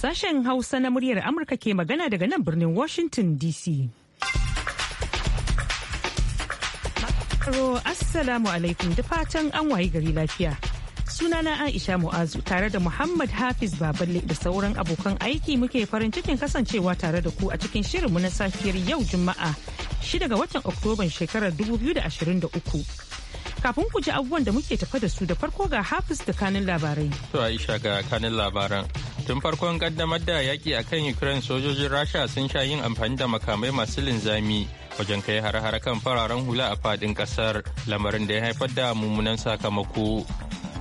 Sashen Hausa na muryar Amurka ke magana daga nan birnin Washington DC. Assalamu alaikum da fatan an wayi gari lafiya. Sunana Aisha Mu'azu tare da Muhammad Hafiz Baballe da sauran abokan aiki muke farin cikin kasancewa tare da ku a cikin shirin mu na safiyar yau Juma'a 6 ga watan oktoba shekarar 2023. Kafin ku ji abubuwan da muke tafa da su da farko ga Hafiz da kanin labarai. To Aisha ga kanin labaran. Tun farkon kaddamar da yaƙi a kan Ukraine sojojin Rasha sun sha yin amfani da makamai masu linzami wajen kai har-har kan fararen hula a fadin ƙasar lamarin da ya haifar da mummunan sakamako.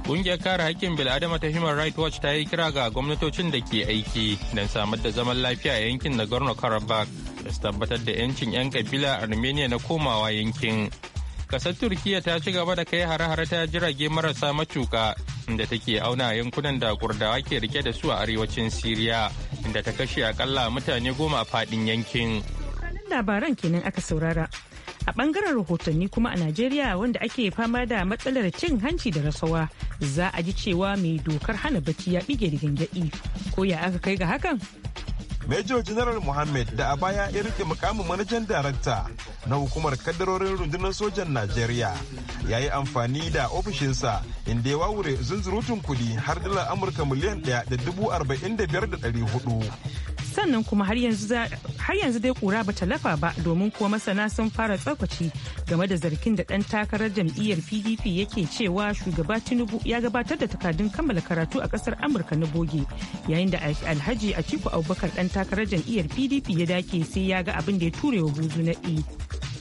Ƙungiyar kare haƙƙin bil'adama ta Human Rights Watch ta yi kira ga gwamnatocin da ke aiki don samar da zaman lafiya a yankin Nagorno-Karabakh da su tabbatar da 'yancin 'yan kabila Armenia na komawa yankin. kasar turkiya ta ci gaba da kai hare-hare ta jirage marasa macuka inda take auna yankunan da kurdawa ke rike da su a arewacin siriya inda ta kashe akalla mutane goma a fadin yankin labaran kenan aka saurara a bangaren rahotanni kuma a najeriya wanda ake fama da matsalar cin hanci da rasawa za a ji cewa mai dokar hana bacci ya bige da gyangyaɗi ko ya aka kai ga hakan Major General Mohammed da a baya ya rike mukamin manajan darakta na hukumar kadarorin rundunar sojan Najeriya ya yi amfani da ofishinsa inda ya wawure zunzurutun kudi har dalar Amurka miliyan ɗaya da biyar da hudu sannan kuma har yanzu dai kura bata lafa ba domin kuwa masana sun fara tsarkaci game da zargin da ɗan takarar jam'iyyar pdp yake cewa shugaba tinubu ya gabatar da takardun kammala karatu a kasar amurka na boge yayin da alhaji atiku abubakar ɗan takarar jam'iyyar pdp ya dake sai ya ga abin da ya ture wa buzu na e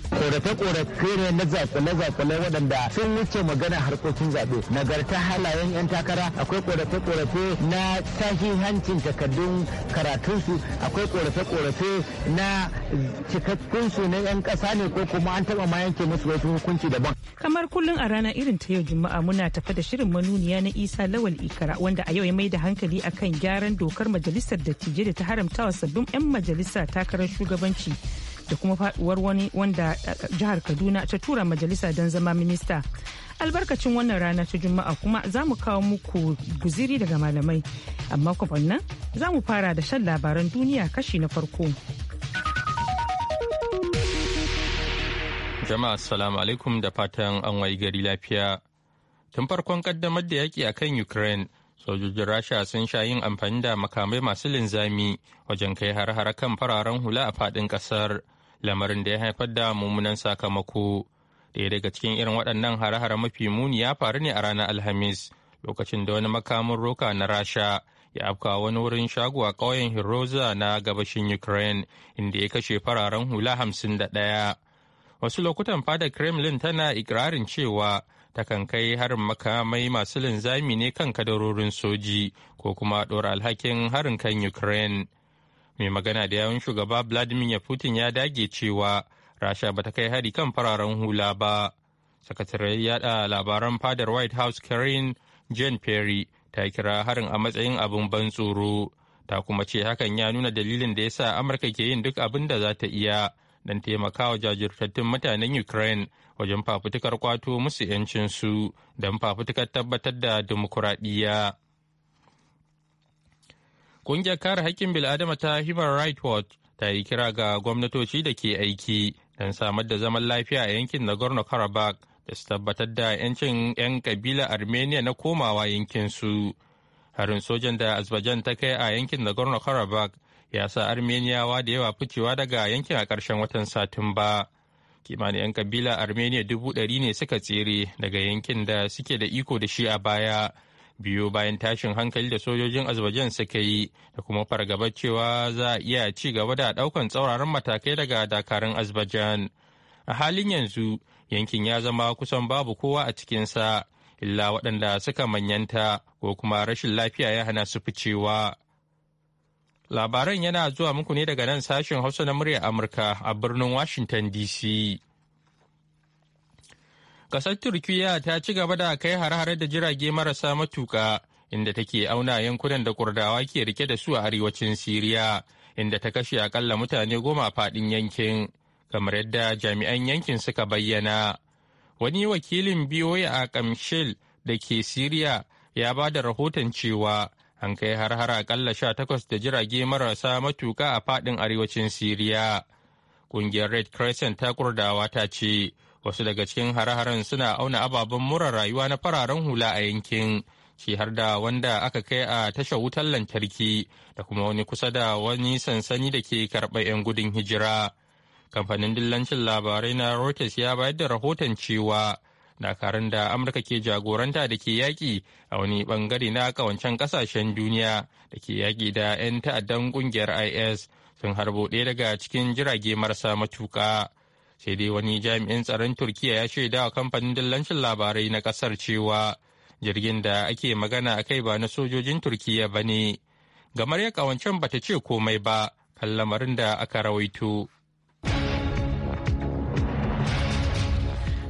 korafe-korafe ne na zakule-zakule waɗanda sun wuce magana harkokin zaɓe nagarta halayen 'yan takara akwai korafe-korafe na hancin takardun karatunsu akwai korafe-korafe na cikakkunsu na 'yan ƙasa ne ko kuma an taɓa ma yanke musu wasu hukunci daban. kamar kullum a rana irin ta yau juma'a muna tafa da shirin manuniya na isa lawal ikara wanda a yau ya mai da hankali akan gyaran dokar majalisar dattijai da ta haramta wa sabbin 'yan majalisa takarar shugabanci da kuma faduwar wani wanda eh, jihar kaduna ta tura majalisa don zama minista albarkacin wannan rana ta juma'a kuma za mu kawo muku guziri daga malamai amma nan za mu fara da shan labaran duniya kashi na farko jama'a assalamu alaikum da fatan an wayi gari lafiya tun farkon kaddamar da yaki a kan ukraine sojojin rasha sun sha yin amfani da makamai masu linzami wajen kai har-har kan fararen hula a faɗin ƙasar. kasar lamarin da ya haifar da mummunan sakamako ɗaya daga cikin irin waɗannan hare-hare mafi muni ya faru ne a ranar alhamis lokacin da wani makamin roka na rasha ya afka wani wurin shago a ƙauyen hiroza na gabashin ukraine inda ya kashe fararen hula hamsin da ɗaya wasu lokutan fada kremlin tana ikirarin cewa takan kai harin makamai masu linzami ne kan kadarorin soji ko kuma ɗora alhakin harin kan ukraine mai magana da yawun shugaba vladimir putin ya dage cewa rasha bata kai hari kan fararen hula ba sakatare yada labaran fadar white house karen jen perry ta kira harin a matsayin abin ban tsoro ta kuma ce hakan ya nuna dalilin da ya sa amurka ke yin duk abin da za ta iya don taimakawa jajirtattun mutanen ukraine wajen fafutukar kwato musu 'yancinsu don fafutukar tabbatar da dimokuraɗiyya. Ƙungiyar kare haƙƙin bil'adama ta Human Rights Watch ta yi kira ga gwamnatoci da ke aiki don samar da zaman lafiya a yankin Nagorno-Karabakh da su tabbatar da 'yancin 'yan kabila Armenia na komawa yankin su Harin sojan da Azerbaijan ta kai a yankin Nagorno-Karabakh ya sa Armeniyawa da yawa ficewa daga yankin a ƙarshen watan Satumba. Kimanin 'yan kabila Armenia dubu ɗari ne suka tsere daga yankin da suke da iko da shi a baya. biyu bayan tashin hankali da sojojin azerbaijan suka yi da kuma fargaba cewa za a iya ci gaba da daukan tsauraran matakai daga dakarun azerbaijan a halin yanzu yankin ya zama kusan babu kowa a cikinsa illa waɗanda suka manyanta ko kuma rashin lafiya ya hana su ficewa labaran yana zuwa muku ne daga nan sashen hausa na murya amurka a birnin washington dc Kasar Turkiyya ta ci gaba da kai hare-hare da jirage marasa matuka inda take auna yankunan da Kurdawa ke rike da su a arewacin Siriya inda ta kashe akalla mutane goma faɗin yankin kamar yadda jami'an yankin suka bayyana. Wani wakilin biyoyi a Kamshil da ke Siriya ya ba da rahoton cewa an kai har-har akalla sha takwas da jirage marasa matuka a fadin arewacin Siriya. ƙungiyar Red Crescent ta kurdawa ta ce wasu daga cikin hare-haren suna auna ababen mura rayuwa na fararen hula a yankin shi har da wanda aka kai a tashar wutar lantarki da kuma wani kusa da wani sansani da ke karɓar 'yan gudun hijira kamfanin dillancin labarai na reuters ya bayar da rahoton cewa dakarun da amurka ke jagoranta da ke yaƙi a wani bangare na kawancen ƙasashen duniya da ke yaƙi da 'yan ta'addan ƙungiyar is sun harbo ɗaya daga cikin jirage marasa matuƙa sai dai wani jami'in tsaron turkiya ya shaida wa kamfanin dillancin labarai na kasar cewa jirgin da ake magana a kai ba na sojojin turkiya ba ne gamar ya kawancen bata ce komai ba kan lamarin da aka rawaito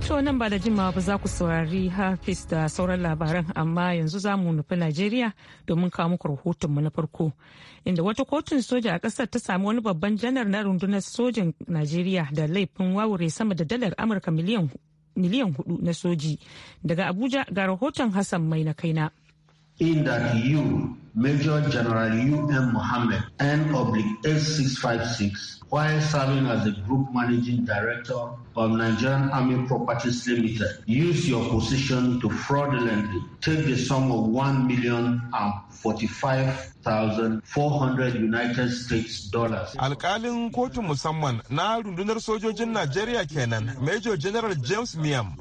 To nan ba da jimawa ba za ku saurari Hafiz da sauran labaran amma yanzu za mu nufi Najeriya domin kawo muku rahotonmu na farko. Inda wata kotun soja a ƙasar ta sami wani babban janar na rundunar sojin Najeriya da laifin wawure sama da dalar Amurka miliyan hudu na soji. Daga Abuja ga rahoton Hassan mai na kaina. in that you, Major General U.M. Mohammed, N 8656, while serving as the Group Managing Director of Nigerian Army Properties Limited, use your position to fraudulently take the sum of one million and forty-five thousand four hundred United States dollars. Alkalin kotun musamman na rundunar sojojin Najeriya kenan, Major General James Miam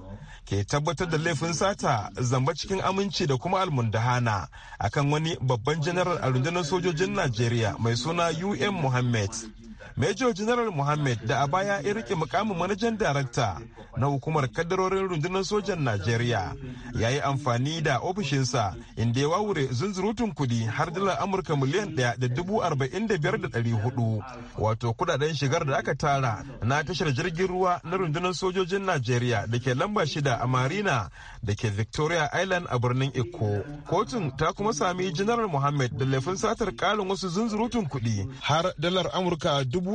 ke tabbatar da laifin sata zamba cikin aminci da kuma almundahana akan wani babban general a rundunar sojojin najeriya mai suna um Mohammed. Major General Mohammed da a baya ya rike mukamin manajan darakta na hukumar kadarorin rundunar sojan Najeriya ya yi amfani da ofishinsa inda ya wawure zunzurutun kudi har dalar Amurka miliyan ɗaya da dubu arba'in da biyar da ɗari hudu wato kudaden shigar da aka tara na tashar jirgin ruwa na rundunar sojojin Najeriya da ke lamba shida a Marina da ke Victoria Island a birnin Eko. Kotun ta kuma sami General Mohammed da laifin satar ƙarin wasu zunzurutun kuɗi har dalar Amurka dubu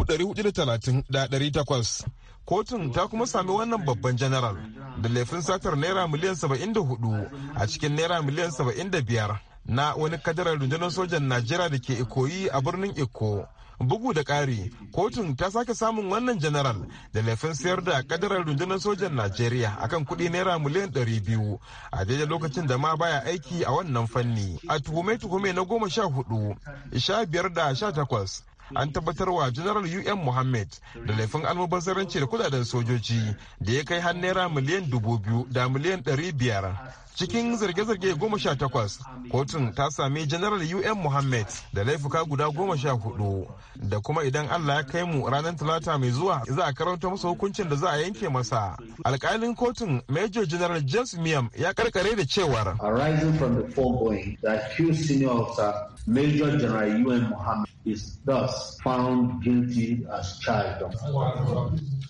takwas kotun ta kuma sami wannan babban janaral da laifin satar naira miliyan 74 a cikin naira miliyan 75 na wani kadarar rundunar sojan najeriya da ke ikoyi a birnin iko bugu da ƙari kotun ta sake samun wannan janaral da laifin sayar da kadarar rundunar sojan najeriya akan kuɗi naira miliyan 200 a daidai lokacin da ma baya aiki a wannan fanni a tuhume-tuhume na goma sha hudu sha biyar da sha takwas an tabbatar wa General UN Mohammed da laifin almubazzaranci da kudaden sojoji da ya kai har naira miliyan dubu biyu da miliyan ɗari biyar cikin zarge-zarge goma sha takwas kotun ta sami janaral un muhammad da laifuka guda goma sha hudu da kuma idan allah ya kai mu ranar talata mai zuwa za a karanta masa hukuncin da za a yanke masa alkalin kotun major general james miam ya karkare da cewar arising from the foregoing that few senior officer major general un muhammad is thus found guilty as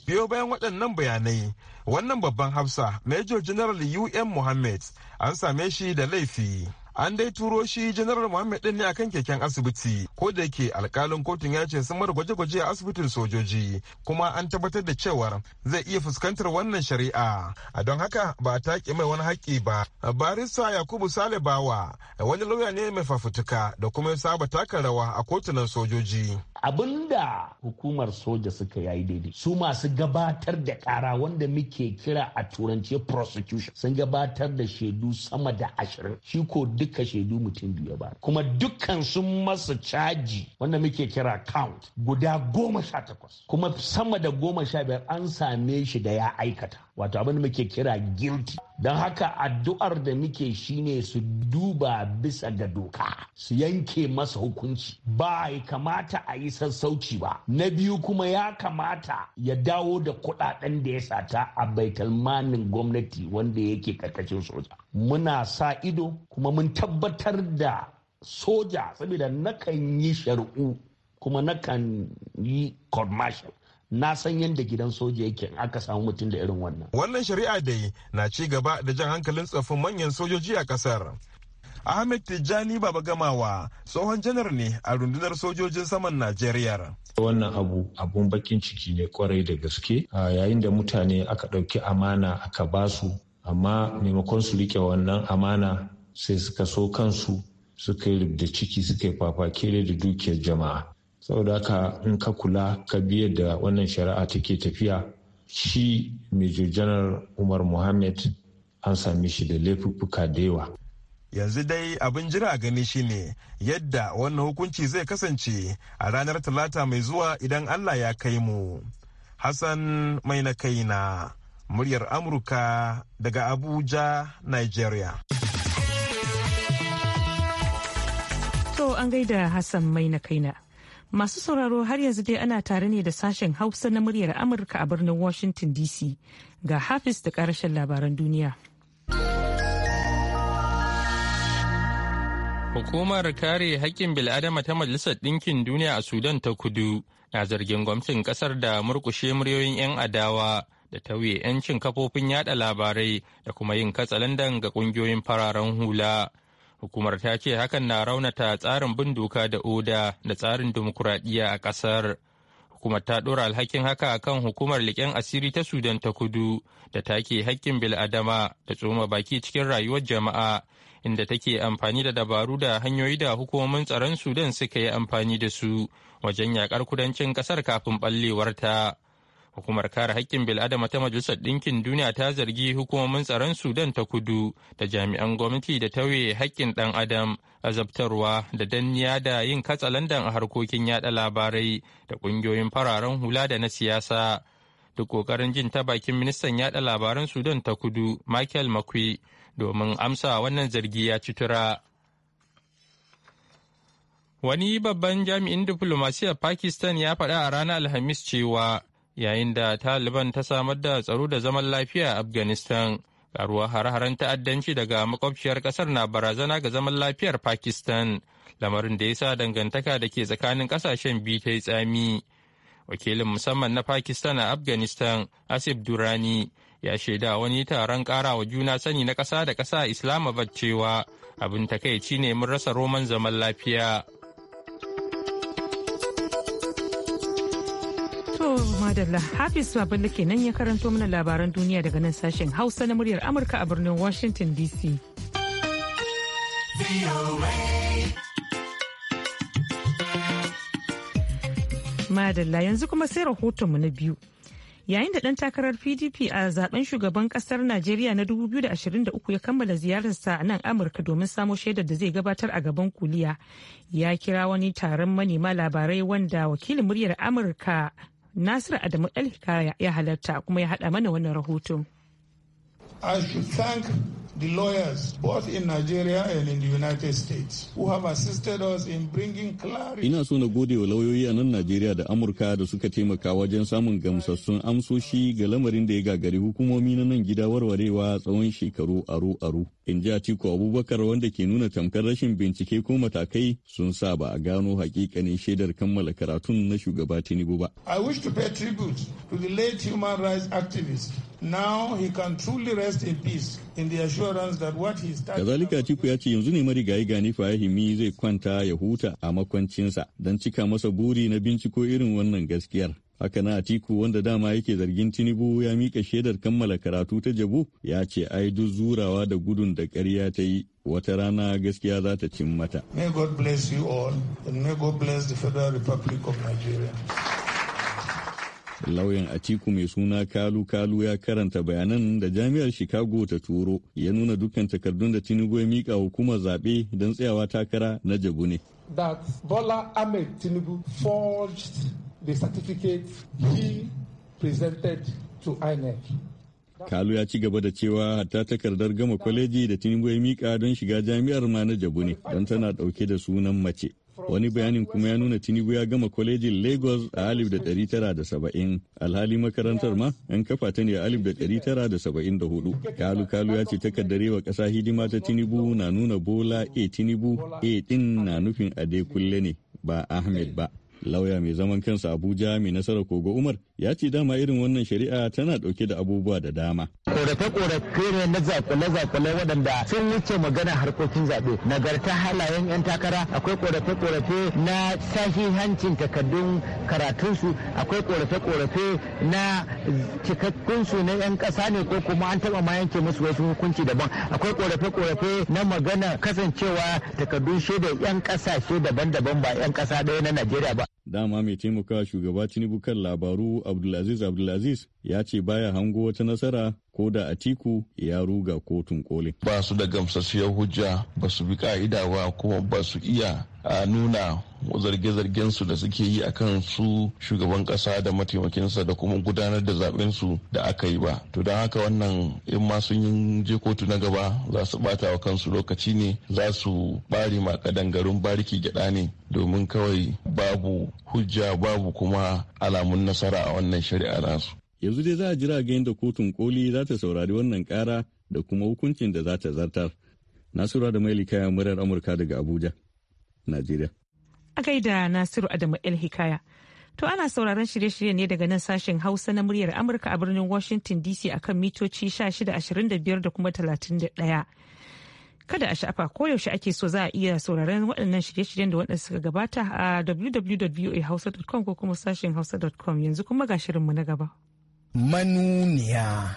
biyo bayan waɗannan bayanai wannan babban hafsa major general un mohammed an same shi da laifi an dai turo shi janar muhammed din ne akan keken asibiti ko da yake alkalin kotun ya ce sun gwaje-gwaje a asibitin sojoji kuma an tabbatar da cewar zai iya fuskantar wannan shari'a a don haka ba a taki mai wani haƙƙi ba barista yakubu sale bawa wani lauya ne mai fafutuka da kuma ya saba taka rawa a kotunan sojoji abinda hukumar soja suka yi daidai su masu gabatar da kara wanda muke kira a turanci prosecution sun gabatar da shaidu sama da ashirin shi ko duka shaidu mutum biyu ba kuma dukkan sun masa caji wanda muke kira count guda goma sha takwas kuma sama da goma sha biyar an same shi da ya aikata wato abin muke kira guilty don haka addu'ar da muke shine su duba bisa ga doka su yanke masa hukunci ba ya kamata a yi sassauci ba na biyu kuma ya kamata ya dawo da kudaden da ya sata a baitalmanin gwamnati wanda yake karkashin soja muna sa ido kuma mun tabbatar da soja saboda nakan yi shari'u kuma nakan yi commercial. na san yadda gidan soja yake in aka samu mutum da irin wannan. Wannan shari'a dai na ci gaba da jan hankalin tsoffin manyan sojoji a kasar. Ahmed Tijjani Baba Gamawa tsohon janar ne a rundunar sojojin saman Najeriya. Wannan abu abun bakin ciki ne kwarai da gaske yayin da mutane aka ɗauki amana aka basu amma maimakon su rike wannan amana sai suka so kansu suka yi da ciki suka yi fafakere da dukiyar jama'a saboda haka in ka kula ka biya da wannan shari'a take tafiya shi major general umar mohammed an sami shi da laifuffuka da yawa yanzu dai abin jira gani shine yadda wannan hukunci zai kasance a ranar talata mai zuwa idan allah ya kai mu hassan mai na kaina muryar Amurka daga Abuja, Nigeria. To an gaida Hassan mai na kaina. Masu sauraro har yanzu dai ana tare ne da sashen Hausa na muryar Amurka a birnin Washington DC ga Hafiz da karashen labaran duniya. Hukumar kare haƙƙin bil'adama ta Majalisar Ɗinkin Duniya a Sudan ta Kudu na zargin gwamnatin ƙasar da murƙushe muryoyin 'yan adawa da tauye 'yancin kafofin yada labarai da kuma yin katsalandan ga kungiyoyin fararen hula. Hukumar ta ce hakan na raunata tsarin bin doka da oda da tsarin dimokuraɗiyya a ƙasar. Hukumar ta ɗora alhakin haka kan hukumar liƙen asiri ta Sudan ta kudu da take haƙƙin bil'adama da tsoma baki cikin rayuwar jama'a inda take amfani da dabaru da hanyoyi da hukumomin tsaron Sudan suka yi amfani da su wajen yaƙar kudancin ƙasar kafin ɓallewarta. ta. Hukumar kare haƙƙin bil'adama ta Majalisar Ɗinkin Duniya ta zargi hukumomin tsaron Sudan ta kudu da jami'an gwamnati da tauye haƙƙin ɗan adam, azabtarwa da danniya da yin katsalandan a harkokin yaɗa labarai da ƙungiyoyin fararen hula da na siyasa. Duk ƙoƙarin jin ta bakin ministan yaɗa labaran Sudan ta kudu, Michael Makwi, domin amsa wannan zargi ya ci tura. Wani babban jami'in diflomasiyar Pakistan ya faɗa a ranar Alhamis cewa yayin da taliban ta samar da tsaro da zaman lafiya a afghanistan karuwar hare-haren ta'addanci daga makwabciyar kasar na barazana ga zaman lafiyar pakistan lamarin da ya sa dangantaka da ke tsakanin kasashen biyu ta yi tsami wakilin musamman na pakistan a afghanistan asif durani ya shaida wani taron karawa juna sani na kasa da ƙasa islamabad cewa abin takaici ne mun rasa roman zaman lafiya madalla hafiz ke nan ya karanto mana labaran duniya daga nan sashen hausa na muryar amurka a birnin washington dc madalla yanzu kuma sai rahotonmu na biyu yayin da ɗan takarar pdp a zaben shugaban ƙasar najeriya na 2023 ya kammala ziyararsa a nan amurka domin samo shaidar da zai gabatar a gaban kuliya ya kira wani taron manema labarai wanda wakilin muryar amurka Nasiru Adamu Elhikaya ya halarta kuma ya haɗa mana wannan rahoton. the lawyers, both in Nigeria and in the United States, who have assisted us in bringing clarity. Ina so na gode wa lauyoyi a nan Najeriya da Amurka da suka taimaka wajen samun gamsassun amsoshi ga lamarin da ya gagari hukumomi na nan gida warwarewa tsawon shekaru aro-aro. In ji Atiku Abubakar wanda ke nuna tamkar rashin bincike ko matakai sun sa ba a gano hakikanin shaidar kammala karatun na shugaba Tinubu ba. I wish to pay tribute to the late human rights activist Kazalika Tiku ya ce yanzu ne marigayi gani fahimi zai kwanta ya huta a makwancinsa don cika masa buri na binciko irin wannan gaskiyar. Haka na Atiku wanda dama yake zargin Tinubu ya mika shaidar kammala karatu ta jabu ya ce ai duk zurawa da gudun da karya ta yi wata rana gaskiya za ta cin mata. May God bless you all and may God bless the Federal Republic of Nigeria. lauyan atiku mai suna kalu kalu ya karanta bayanan da jami'ar chicago ta turo ya nuna dukkan takardun da tinubu ya mika hukumar zaɓe don tsayawa takara na jabu ne that bola ahmed tinubu forged the certificate he to inec Kalu ya ci gaba da cewa hatta takardar gama kwaleji da Tinubu ya mika don shiga jami'ar ma na Jabu ne don tana dauke da sunan mace. Wani bayanin kuma ya nuna Tinubu ya gama kwalejin Lagos a alif Alhali makarantar ma 'yan kafa ta ne a alif Kalu Kalu ya ce takardare wa ƙasa hidima ta Tinubu na nuna Bola A Tinubu A ɗin na nufin kulle ne ba Ahmed ba. Lauya mai zaman kansa Abuja mai nasarar Kogo Umar ya ce dama irin wannan shari'a tana dauke da abubuwa da dama. Korafe-korafe ne na zakule-zakule waɗanda sun wuce magana harkokin zaɓe. Nagarta halayen 'yan takara akwai korafe-korafe na hancin takardun karatunsu akwai korafe-korafe na cikakkunsu na 'yan ƙasa ne ko kuma an taɓa ma yanke musu wasu hukunci daban. Akwai korafe-korafe na magana kasancewa takardun shaidar 'yan ƙasashe daban-daban ba 'yan ƙasa ɗaya na Najeriya ba. dama mai taimaka shugaba tinubu kan labaru abdulaziz abdulaziz ya ce baya hango wata nasara ko da tiku ya ruga kotun kolin. Ba su da gamsasshiyar hujja ba su bi ka'ida ba kuma ba su iya a nuna zarge-zargen su da suke yi akan su shugaban kasa da mataimakinsa da kuma gudanar da zaben su da aka yi ba to don haka wannan in ma sun yi je kotu na gaba za su bata wa kansu lokaci ne za su bari ma garin bariki gyada ne domin kawai babu hujja babu kuma alamun nasara a wannan shari'a nasu yanzu dai za a jira ga yadda kotun koli za ta saurari wannan kara da kuma hukuncin da za ta zartar nasura da mai likaya amurka daga abuja najeriya a gaida nasiru adamu el hikaya to ana sauraron shirye-shirye ne daga nan sashen hausa na muryar amurka a birnin washington dc a kan mitoci 1625 da kuma 31 kada a sha'afa koyaushe ake so za a iya sauraron waɗannan shirye-shiryen da waɗanda suka gabata a www.hausa.com ko kuma sashen hausa.com yanzu kuma ga shirinmu na gaba. manuniya.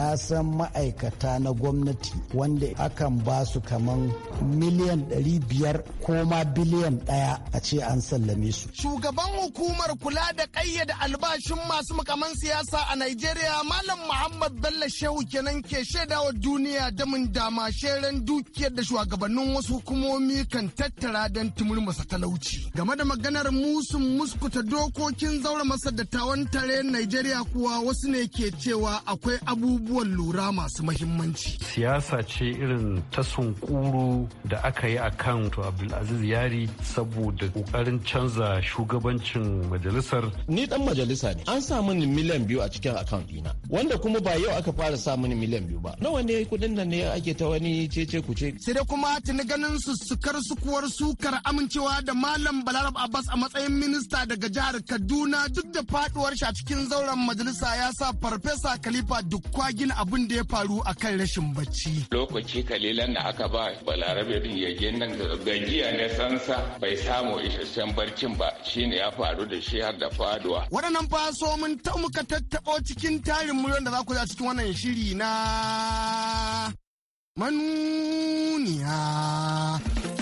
na san ma'aikata na gwamnati wanda akan ba su kaman miliyan 500 ko ma biliyan ɗaya a ce an sallame su. Shugaban hukumar kula da ƙayyada albashin masu mukaman siyasa a Najeriya Malam Muhammad Bello Shehu kenan ke shaidawa duniya damin dama sheren dukiyar da shugabannin wasu hukumomi kan tattara don tumurmasa talauci. Game da maganar musun muskuta dokokin zaura masa dattawan tare Najeriya kuwa wasu ne ke cewa akwai abubuwa abubuwan lura masu mahimmanci. Siyasa ce irin ta sunkuru da aka yi a kan Abdulaziz Yari saboda kokarin canza shugabancin majalisar. Ni dan majalisa ne. An sa mini miliyan biyu a cikin akaunt dina. Wanda kuma ba yau aka fara sa mini miliyan biyu ba. Nawa ne kudin nan ne ake ta wani cece kuce. Sai dai kuma tuni ganin sussukar sukuwar sukar amincewa da Malam Balarab Abbas a matsayin minista daga jihar Kaduna duk da faduwar shi a cikin zauren majalisa ya sa Farfesa Khalifa Dukkwagi gina abin da ya faru a kan rashin bacci. Lokaci kalilan da aka ba balarabe yage nan gajiya ne sansa bai samu isasshen barcin ba shi ne ya faru da shi har da faduwa. Waɗannan faso mun ta muka tattaɓo cikin tarin muryar da za ku cikin wannan shiri na manuniya.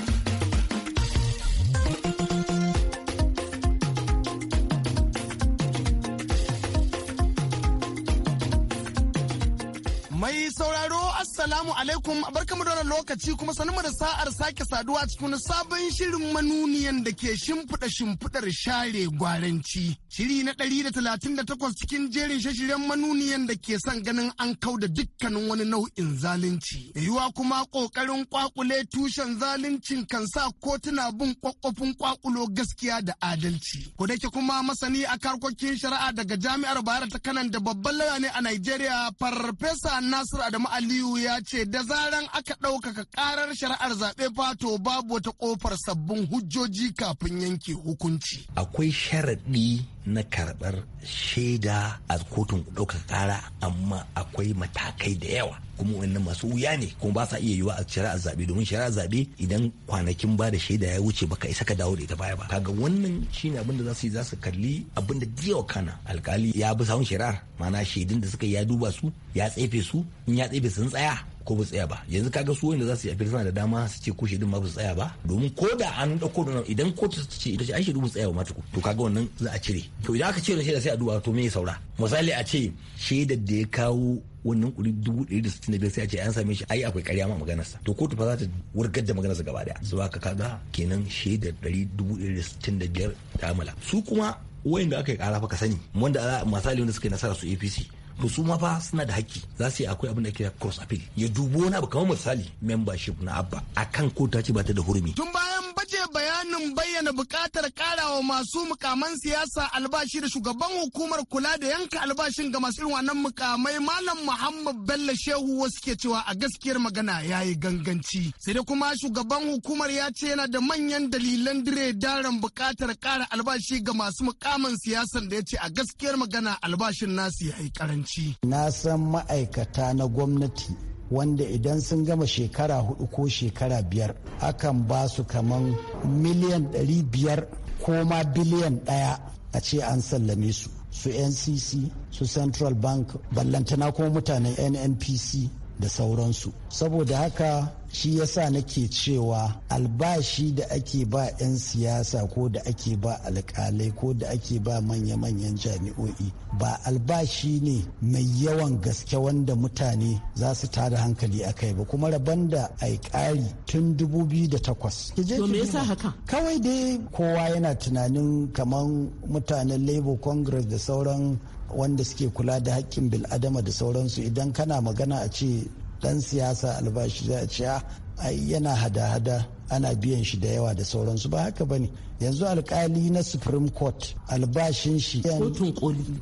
Mai sauraro Assalamu alaikum barkamu da wannan lokaci kuma sanmu da sa'ar sake saduwa cikin sabon shirin manuniyan da ke shimfiɗa shimfiɗar share gwaranci. Shiri na ɗari da talatin da takwas cikin jerin shashiren manuniyan da ke son ganin an kau da dukkanin wani nau'in zalunci. Yiwuwa kuma ƙoƙarin ƙwaƙule tushen zaluncin kan sa kotuna bin ƙwaƙwafin ƙwaƙulo gaskiya da adalci. Ko da kuma masani a karkokin shari'a daga jami'ar Bayar ta Kanan da babban lauya ne a Najeriya Farfesa Nasiru Adamu Aliyu ya ce da zaran aka ɗaukaka ƙarar shari'ar zaɓe fato babu wata ƙofar sabbin hujjoji kafin yanke hukunci. Akwai sharaɗi na karɓar shaida a kotun ɗaukar ƙara amma akwai matakai da yawa kuma wannan masu wuya ne kuma ba sa iya yiwa a shari'ar zaɓe domin shari'ar zaɓe idan kwanakin ba da shaida ya wuce baka isa ka dawo da ita baya ba kaga wannan shine abin da za su yi za su kalli abin da jiya kana alkali ya bi sawun shari'ar mana shaidun da suka ya duba su ya tsefe su in ya tsefe sun tsaya ko ba tsaya ba yanzu kaga su wanda za su yi appeal suna da dama su ce ko shi ma ba su tsaya ba domin ko da an dauko da idan ko ta ce ita ce ai shaidu ba tsaya ba tuku to kaga wannan za a cire to idan aka cire shaida sai a duba to me saura misali a ce shaidar da ya kawo wannan kuri dubu ɗari da sittin da biyar sai a ce an same shi ai akwai ƙarya ma maganarsa to kotu fa za ta wurgar da maganarsa gaba daya su ka kaga kenan shaidar ɗari dubu ɗari da sittin da biyar ta amala su kuma wayanda aka yi ƙara fa ka sani wanda misali wanda suka yi nasara su apc to su ma fa suna da haƙƙi za su yi akwai abin da kira cross appeal ya dubo na ba kamar misali membership na abba a kan ko ta ce ba ta da hurumi tun bayan baje bayanin bayyana buƙatar karawa masu mukaman siyasa albashi da shugaban hukumar kula da yanka albashin ga masu irin wannan mukamai malam muhammad bello shehu wasu ke cewa a gaskiyar magana ya yi ganganci sai dai kuma shugaban hukumar ya ce yana da manyan dalilan dire daren buƙatar ƙara albashi ga masu mukaman siyasan da ya ce a gaskiyar magana albashin nasu ya yi karanci hukunci. Na san ma'aikata na gwamnati wanda idan sun gama shekara hudu ko shekara biyar akan ba su kaman miliyan ɗari biyar ko ma biliyan ɗaya a ce an sallame su su ncc su central bank ballantana ko mutanen nnpc da sauransu saboda haka shi yasa nake cewa albashi da ake ba 'yan siyasa ko da ake ba alkalai ko da ake ba manya-manyan jami'o'i ba albashi ne mai yawan gaske wanda mutane za su tada hankali a kai ba kuma rabon da ai ƙari tun 2008 kawai dai kowa yana tunanin kamar mutanen labour congress da sauran wanda suke kula da haƙƙin bil'adama da sauransu idan kana magana a ce dan siyasa albashi za a ce ah, yana hada-hada ana biyan shi da yawa da sauransu ba haka bane yanzu alkali na supreme court albashin shi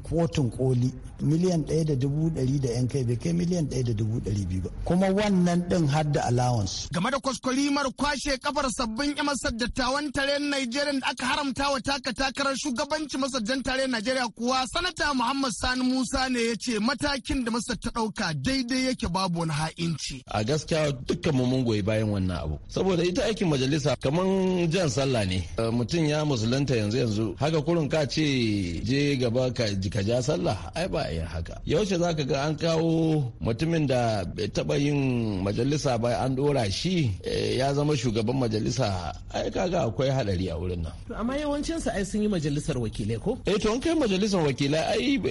kotun koli miliyan ɗaya da dubu ɗari da yan kai bai kai miliyan ɗaya da dubu ɗari biyu ba kuma wannan ɗin har da allowance game da kwaskwarimar kwashe kafar sabbin yamasar dattawan tare nigeria da aka haramta wa taka takarar shugabanci masarjan tare nigeria kuwa sanata Muhammad Sani Musa ne ya ce matakin da masar ta ɗauka daidai yake babu wani ha'inci a gaskiya dukkan mu mun goyi bayan wannan abu saboda ita aikin majalisa kamar jan sallah ne eh, mutum ya musulunta yanzu yanzu haka kurin ka ce je gaba ka ja sallah ai ba yin haka yaushe zaka ga an kawo mutumin da bai taba yin majalisa ba an dora shi eh, ya zama shugaban majalisa ai kaga akwai hadari a wurin nan amma yawancin sa ai sun yi majalisar wakilai ko eh to an kai majalisar wakilai ai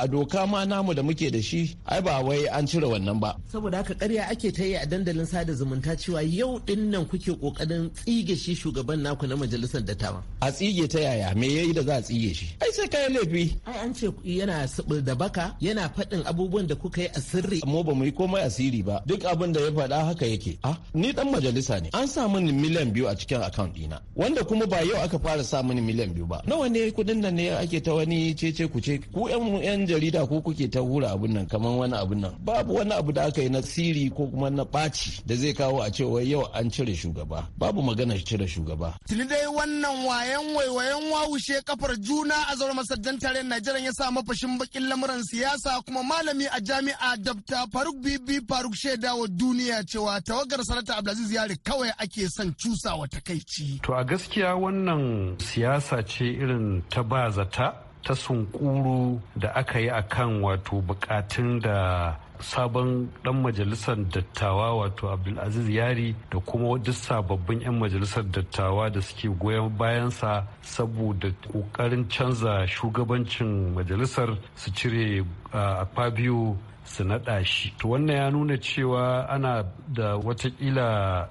a doka ma namu da muke da shi ai ba wai an cire wannan ba saboda haka ƙarya ake ta yi a dandalin sada zumunta zumunta cewa yau din nan kuke kokarin tsige shi shugaban naku na majalisar dattawa a tsige ta yaya me yayi da za a tsige shi ai sai kai laifi ai an ce yana sabul da baka yana faɗin abubuwan da kuka yi a sirri Amma ba mu yi komai asiri ba duk abin da ya faɗa haka yake ah ni dan majalisa ne an sa mini miliyan biyu a cikin account dina wanda kuma ba yau aka fara sa mini miliyan biyu ba nawa ne kudin nan ne ake ta wani cece ce ku yan yan jarida ko kuke ta hura abun nan kamar wani abun nan babu wani abu da aka yi na siri ko kuma na ɓaci da zai kawo a ce wai yau an cire shugaba babu magana cire shugaba tuni dai wannan wayan waiwayan wawushe kafar juna a zaura masarjan tarayyar najeriya ya sa mafashin bakin lamuran siyasa kuma malami a jami'a dabta faruk bibi faruk shaida wa duniya cewa tawagar sanata abdulaziz yari kawai ake son cusa wa takaici to a gaskiya wannan siyasa ce irin ta ba zata ta sunkuru da aka yi a kan wato bukatun da sabon dan majalisar dattawa wato abdulaziz yari da kuma duk sababbin 'yan majalisar dattawa da suke goyon bayansa saboda kokarin canza shugabancin majalisar su cire a fabio su naɗa shi to wannan ya nuna cewa ana da watakila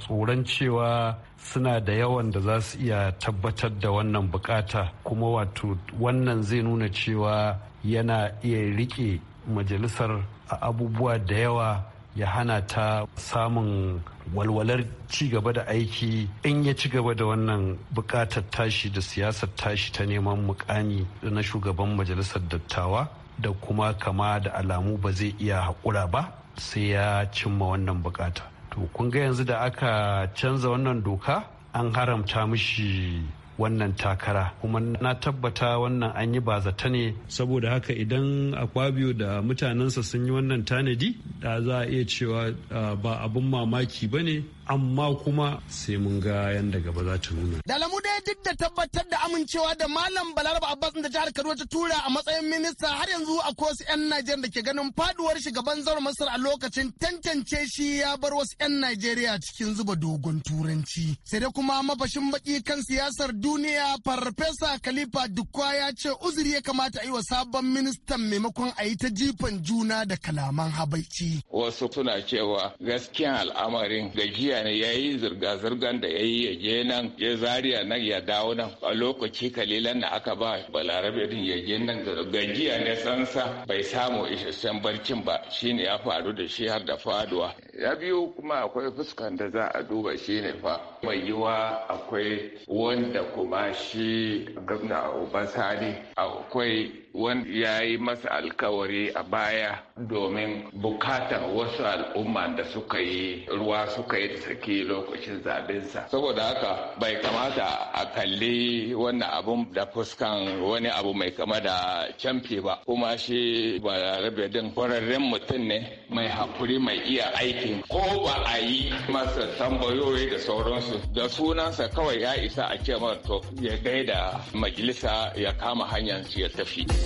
tsoron cewa suna da yawan da za su iya tabbatar da wannan bukata kuma wato wannan zai nuna cewa yana iya rike majalisar a abubuwa da yawa ya hana ta samun walwalar ci gaba da aiki in ya ci gaba da wannan bukatar tashi da siyasar tashi ta neman mukani na shugaban majalisar dattawa da kuma kama da alamu ba zai iya haƙura ba sai ya cimma wannan bukata to kun ga yanzu da aka canza wannan doka an haramta mishi wannan takara kuma na tabbata wannan an yi bazata ne saboda haka idan akwabio da mutanensa sun yi wannan tanadi da za a iya cewa ah, ba abin mamaki ba ne amma kuma sai mun ga yanda gaba za ta nuna. dalamu dai duk da tabbatar da amincewa da Malam Balaraba Abbas da jihar Kaduna ta tura a matsayin minista har yanzu a kosu 'yan Najeriya da ke ganin faduwar shugaban zaur Masar a lokacin tantance shi ya bar wasu 'yan Najeriya cikin zuba dogon turanci. Sai dai kuma mafashin baki kan siyasar duniya Farfesa Khalifa Dukwa ya ce uzuri ya kamata a yi wa sabon ministan maimakon a yi ta jifan juna da kalaman habaici. Wasu suna cewa gaskiyan al'amarin gajiya tafiya ne ya yi zirga-zirgan da ya yi ya je nan ya zariya nan ya dawo nan a lokaci kalilan da aka ba balarabe din ya je nan gajiya ne sansa bai samu isasshen barcin ba shine ya faru da shi har da faduwa ya biyu kuma akwai fuskan da za a duba shine fa mai yiwa akwai wanda kuma shi gwamna obasani akwai wanda ya yi masa alkawari a baya domin bukatar wasu al'umma da suka yi ruwa suka yi da lokacin zaɓensa saboda haka bai kamata a kalli wannan abun da fuskan wani abu mai kama da camfi ba kuma shi balarabe din kwararren mutum ne mai hakuri mai iya aikin ko ba a yi masa tambayoyi da sauransu da sunansa kawai ya isa a ce to ya gaida majalisa ya kama hanyar ya tafi.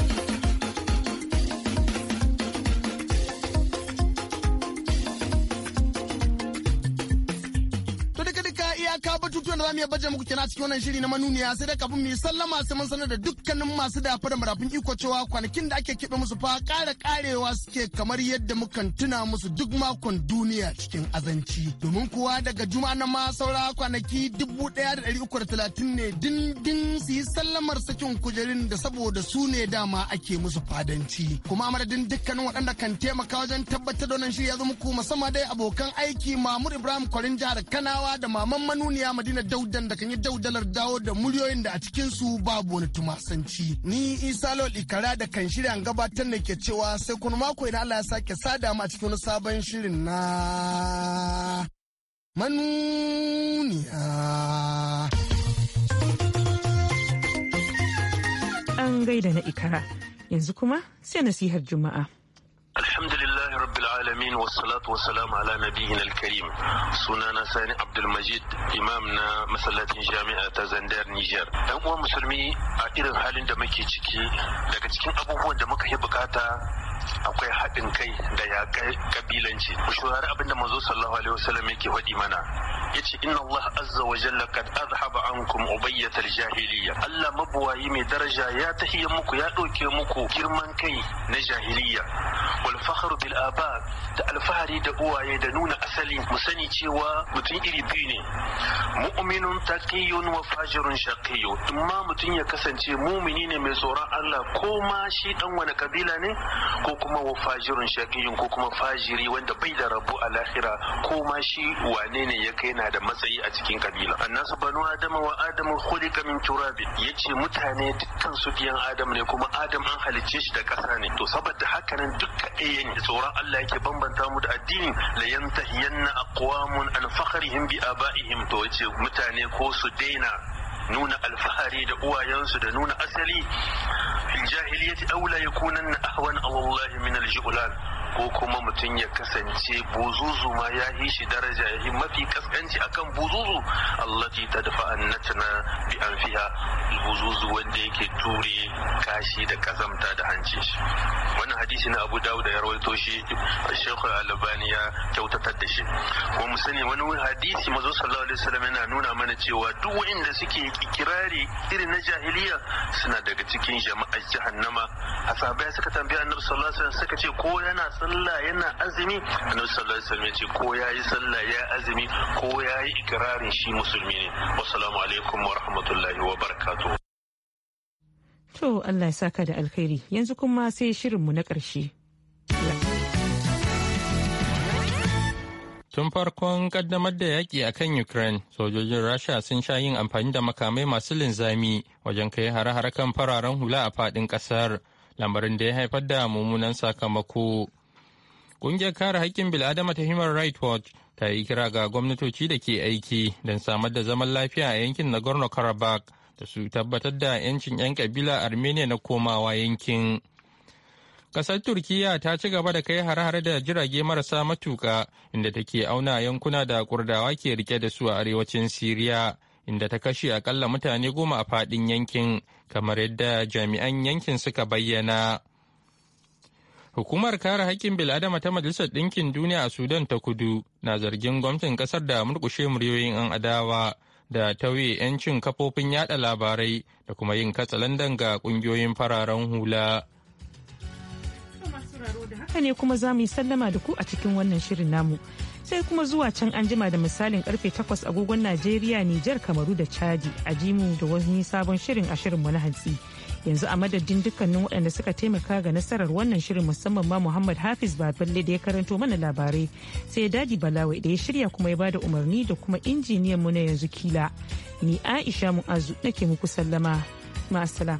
za baje muku kina cikin wannan shiri na manuniya sai da kafin mu yi sallama sai mun sanar da dukkanin masu da fara marafin iko cewa kwanakin da ake kiɓe musu fa ƙara karewa suke kamar yadda mukan tuna musu duk makon duniya cikin azanci. Domin kuwa daga juma na ma saura kwanaki dubu ɗaya da ɗari uku da talatin ne dindin su yi sallamar sakin kujerin da saboda su ne dama ake musu fadanci. Kuma madadin dukkanin waɗanda kan taimaka wajen tabbatar da wannan shiri ya zo muku musamman dai abokan aiki Mamur Ibrahim Kwarin jihar Kanawa da Maman Manuniya Madina Dau daudan da kan yi daudalar dawo da muryoyin da a cikin su babu wani tumasanci. Ni Isa lol Ikara da kan shirya gabatar da ke cewa sai kuma mako idan Allah ya sake sada mu a cikin wani sabon shirin na manuniya. An gaida na Ikara, yanzu kuma sai nasihar Juma'a. Alhamdulillah. rabbil alamin wassalatu wassalamu ala nabiyina alkarim sunana sani abdulmajid imam na masallacin jami'a ta zandar niger dan uwan musulmi a irin halin da muke ciki daga cikin abubuwan da muka yi bukata akwai haɗin kai da yaƙar kabilanci mu abin da manzo sallallahu alaihi wasallam yake faɗi mana yace inna Allah azza wa jalla kad azhaba ankum ubayyatal jahiliya Allah mabuwayi mai daraja ya tahiya muku ya ɗauke muku girman kai na jahiliya wal fakhru bil aba da alfahari da uwaye da nuna asali mu sani cewa mutum iri biyu ne mu'minun taqiyun wa fajirun shaqiyun amma mutum ya kasance mumini ne mai tsoron Allah ko ma shi dan wani kabila ne ko kuma wa fajirun shaqiyun ko kuma fajiri wanda bai da rabu a lahira ko ma shi wane ne ya kai yana da matsayi a cikin kabila annasu banu adama wa adamu khuliqa min turabin yace mutane dukkan su biyan adam ne kuma adam an halicce shi da ƙasa ne to saboda haka nan dukka ɗaya ne tsoron Allah yake bambanta mu da addini la yantahiyanna aqwamun an fakhrihim bi abaihim to yace mutane ko su daina nuna alfahari da uwayensu da nuna asali fil jahiliyyati aula yakunanna ahwan awallahi min al-ju'lan ko kuma mutum ya kasance buzuzu ma ya yi shi daraja ya yi mafi kaskanci akan buzuzu allati tadfa na bi an fiya buzuzu wanda yake ture kashi da kazamta da hanci shi wannan hadisi na Abu Dawud ya rawaito shi Sheikh albani ya kyautatar da shi kuma mu sani wani hadisi mazo sallallahu alaihi wasallam yana nuna mana cewa duk wanda suke kirari irin na jahiliya suna daga cikin jama'ar jahannama asabai suka tambaya annabi sallallahu alaihi wasallam suka ce ko yana sallah yana azumi annabi sallallahu alaihi wasallam ya ce ko yayi sallah ya azumi ko yayi ikrarin shi musulmi ne wassalamu alaikum wa rahmatullahi wa to Allah ya saka da alkhairi yanzu kuma sai shirin mu na ƙarshe Tun farkon kaddamar da yaƙi a kan Ukraine, sojojin Rasha sun sha yin amfani da makamai masu linzami wajen kai hare-hare kan fararen hula a faɗin ƙasar, lamarin da ya haifar da mummunan sakamako. Ƙungiyar kare haƙƙin bil'adama ta Human Rights Watch ta yi kira ga gwamnatoci da ke aiki don samar da zaman lafiya a yankin Nagorno-Karabakh da su tabbatar da 'yancin 'yan kabila Armenia na komawa yankin. Ƙasar Turkiyya ta ci gaba da kai hare-hare da jirage marasa matuka inda take auna yankuna da Kurdawa ke rike da su a arewacin Siriya. inda ta kashe akalla mutane goma a faɗin yankin kamar yadda jami'an yankin suka bayyana. Hukumar kare haƙƙin bil'adama ta Majalisar Ɗinkin Duniya a Sudan ta kudu na zargin gwamnatin ƙasar da murƙushe muryoyin 'yan adawa da tauye 'yancin kafofin yada labarai da kuma yin katsalandan ga ƙungiyoyin fararen hula. Haka ne kuma za mu yi sallama da ku a cikin wannan shirin namu. Sai kuma zuwa can an jima da misalin karfe 8 agogon Najeriya, Nijar, Kamaru da Chadi a jimu da wani sabon shirin a shirinmu na hantsi. yanzu a madadin dukkanin waɗanda suka taimaka ga nasarar wannan shirin musamman ma muhammad hafiz baballe da ya karanto mana labarai sai dadi balawai da ya shirya kuma ya bada umarni da kuma injiniyan mu na yanzu kila ni aisha mu'azu nake muku sallama ma'asala.